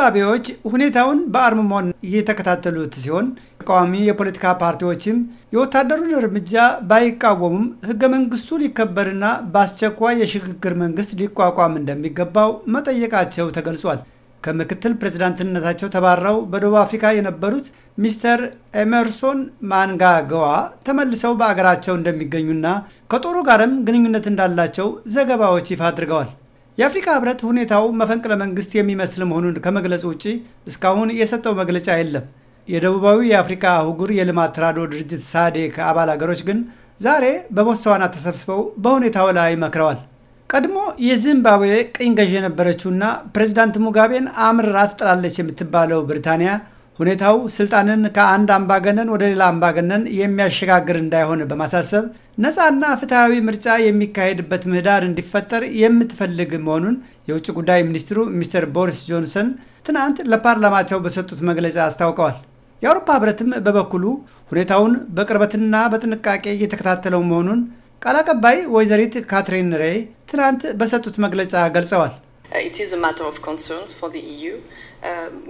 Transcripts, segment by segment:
ዝንባቤዎች ሁኔታውን በአርምሞን እየተከታተሉት ሲሆን ተቃዋሚ የፖለቲካ ፓርቲዎችም የወታደሩን እርምጃ ባይቃወሙም ህገ መንግስቱ ሊከበርና በአስቸኳይ የሽግግር መንግስት ሊቋቋም እንደሚገባው መጠየቃቸው ተገልጿል። ከምክትል ፕሬዝዳንትነታቸው ተባረው በደቡብ አፍሪካ የነበሩት ሚስተር ኤመርሶን ማንጋገዋ ተመልሰው በአገራቸው እንደሚገኙና ከጦሩ ጋርም ግንኙነት እንዳላቸው ዘገባዎች ይፋ አድርገዋል። የአፍሪካ ህብረት ሁኔታው መፈንቅለ መንግስት የሚመስል መሆኑን ከመግለጽ ውጭ እስካሁን የሰጠው መግለጫ የለም። የደቡባዊ የአፍሪካ አህጉር የልማት ተራድኦ ድርጅት ሳዴክ አባል አገሮች ግን ዛሬ በቦትስዋና ተሰብስበው በሁኔታው ላይ መክረዋል። ቀድሞ የዚምባብዌ ቅኝ ገዥ የነበረችውና ፕሬዚዳንት ሙጋቤን አምርራ ትጥላለች የምትባለው ብሪታንያ ሁኔታው ስልጣንን ከአንድ አምባገነን ወደ ሌላ አምባገነን የሚያሸጋግር እንዳይሆን በማሳሰብ ነፃና ፍትሐዊ ምርጫ የሚካሄድበት ምህዳር እንዲፈጠር የምትፈልግ መሆኑን የውጭ ጉዳይ ሚኒስትሩ ሚስተር ቦሪስ ጆንሰን ትናንት ለፓርላማቸው በሰጡት መግለጫ አስታውቀዋል። የአውሮፓ ህብረትም በበኩሉ ሁኔታውን በቅርበትና በጥንቃቄ እየተከታተለው መሆኑን ቃል አቀባይ ወይዘሪት ካትሪን ሬይ ትናንት በሰጡት መግለጫ ገልጸዋል። e uh,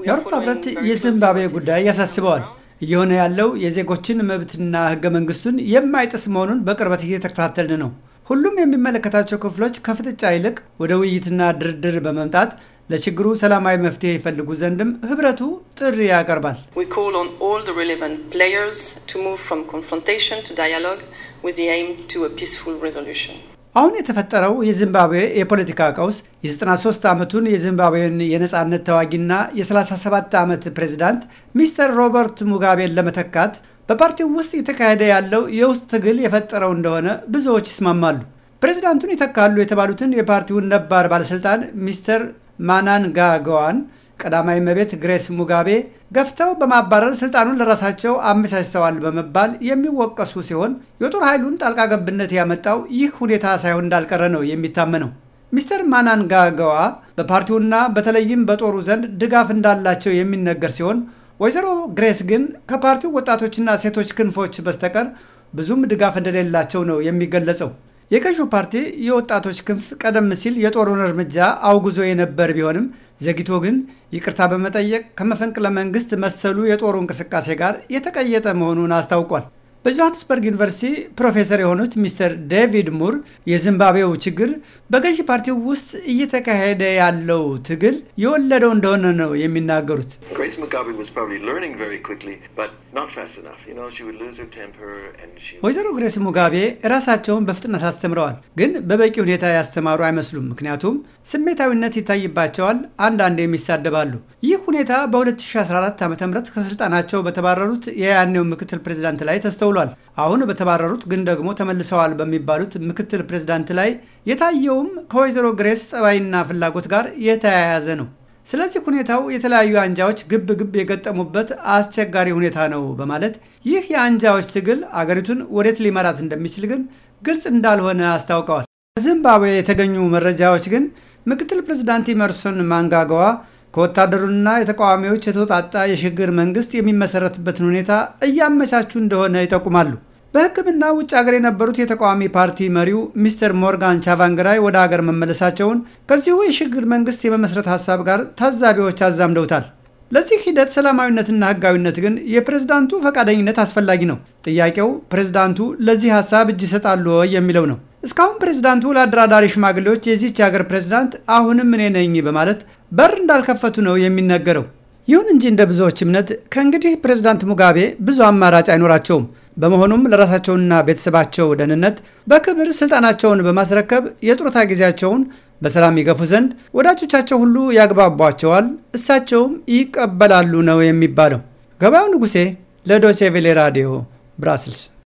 የአውሮፓ ህብረት የዚምባብዌ ጉዳይ ያሳስበዋል። እየሆነ ያለው የዜጎችን መብትና ህገ መንግስቱን የማይጥስ መሆኑን በቅርበት እየተከታተልን ነው። ሁሉም የሚመለከታቸው ክፍሎች ከፍጥጫ ይልቅ ወደ ውይይትና ድርድር በመምጣት ለችግሩ ሰላማዊ መፍትሄ ይፈልጉ ዘንድም ህብረቱ ጥሪ ያቀርባል። አሁን የተፈጠረው የዚምባብዌ የፖለቲካ ቀውስ የ93 ዓመቱን የዚምባብዌን የነፃነት ተዋጊና የ37 ዓመት ፕሬዚዳንት ሚስተር ሮበርት ሙጋቤን ለመተካት በፓርቲው ውስጥ የተካሄደ ያለው የውስጥ ትግል የፈጠረው እንደሆነ ብዙዎች ይስማማሉ። ፕሬዚዳንቱን ይተካሉ የተባሉትን የፓርቲውን ነባር ባለሥልጣን ሚስተር ማናንጋጋዋን ቀዳማዊ እመቤት ግሬስ ሙጋቤ ገፍተው በማባረር ስልጣኑን ለራሳቸው አመቻችተዋል በመባል የሚወቀሱ ሲሆን የጦር ኃይሉን ጣልቃ ገብነት ያመጣው ይህ ሁኔታ ሳይሆን እንዳልቀረ ነው የሚታመነው። ሚስተር ማናንጋገዋ በፓርቲውና በተለይም በጦሩ ዘንድ ድጋፍ እንዳላቸው የሚነገር ሲሆን ወይዘሮ ግሬስ ግን ከፓርቲው ወጣቶችና ሴቶች ክንፎች በስተቀር ብዙም ድጋፍ እንደሌላቸው ነው የሚገለጸው። የገዢው ፓርቲ የወጣቶች ክንፍ ቀደም ሲል የጦሩን እርምጃ አውግዞ የነበር ቢሆንም ዘግይቶ ግን ይቅርታ በመጠየቅ ከመፈንቅለ መንግስት መሰሉ የጦሩ እንቅስቃሴ ጋር የተቀየጠ መሆኑን አስታውቋል። በጆሃንስበርግ ዩኒቨርሲቲ ፕሮፌሰር የሆኑት ሚስተር ዴቪድ ሙር የዚምባብዌው ችግር በገዢ ፓርቲው ውስጥ እየተካሄደ ያለው ትግል የወለደው እንደሆነ ነው የሚናገሩት። ወይዘሮ ግሬስ ሙጋቤ ራሳቸውን በፍጥነት አስተምረዋል፣ ግን በበቂ ሁኔታ ያስተማሩ አይመስሉም። ምክንያቱም ስሜታዊነት ይታይባቸዋል፣ አንዳንዴም ይሳደባሉ። ሁኔታ በ2014 ዓ ም ከስልጣናቸው በተባረሩት የያኔው ምክትል ፕሬዚዳንት ላይ ተስተውሏል። አሁን በተባረሩት ግን ደግሞ ተመልሰዋል በሚባሉት ምክትል ፕሬዚዳንት ላይ የታየውም ከወይዘሮ ግሬስ ጸባይና ፍላጎት ጋር የተያያዘ ነው። ስለዚህ ሁኔታው የተለያዩ አንጃዎች ግብ ግብ የገጠሙበት አስቸጋሪ ሁኔታ ነው በማለት ይህ የአንጃዎች ትግል አገሪቱን ወዴት ሊመራት እንደሚችል ግን ግልጽ እንዳልሆነ አስታውቀዋል። ከዚምባብዌ የተገኙ መረጃዎች ግን ምክትል ፕሬዚዳንት ኢመርሶን ማንጋገዋ ከወታደሩና የተቃዋሚዎች የተውጣጣ የሽግግር መንግስት የሚመሰረትበትን ሁኔታ እያመቻቹ እንደሆነ ይጠቁማሉ። በሕክምና ውጭ ሀገር የነበሩት የተቃዋሚ ፓርቲ መሪው ሚስተር ሞርጋን ቻቫንግራይ ወደ ሀገር መመለሳቸውን ከዚሁ የሽግግር መንግስት የመመስረት ሀሳብ ጋር ታዛቢዎች አዛምደውታል። ለዚህ ሂደት ሰላማዊነትና ህጋዊነት ግን የፕሬዝዳንቱ ፈቃደኝነት አስፈላጊ ነው። ጥያቄው ፕሬዝዳንቱ ለዚህ ሀሳብ እጅ ይሰጣሉ የሚለው ነው። እስካሁን ፕሬዝዳንቱ ለአደራዳሪ ሽማግሌዎች የዚች ሀገር ፕሬዝዳንት አሁንም እኔ ነኝ በማለት በር እንዳልከፈቱ ነው የሚነገረው። ይሁን እንጂ እንደ ብዙዎች እምነት ከእንግዲህ ፕሬዝዳንት ሙጋቤ ብዙ አማራጭ አይኖራቸውም። በመሆኑም ለራሳቸውና ቤተሰባቸው ደህንነት በክብር ስልጣናቸውን በማስረከብ የጡረታ ጊዜያቸውን በሰላም ይገፉ ዘንድ ወዳጆቻቸው ሁሉ ያግባቧቸዋል፣ እሳቸውም ይቀበላሉ ነው የሚባለው። ገበያው ንጉሴ ለዶቼ ቬሌ ራዲዮ ብራስልስ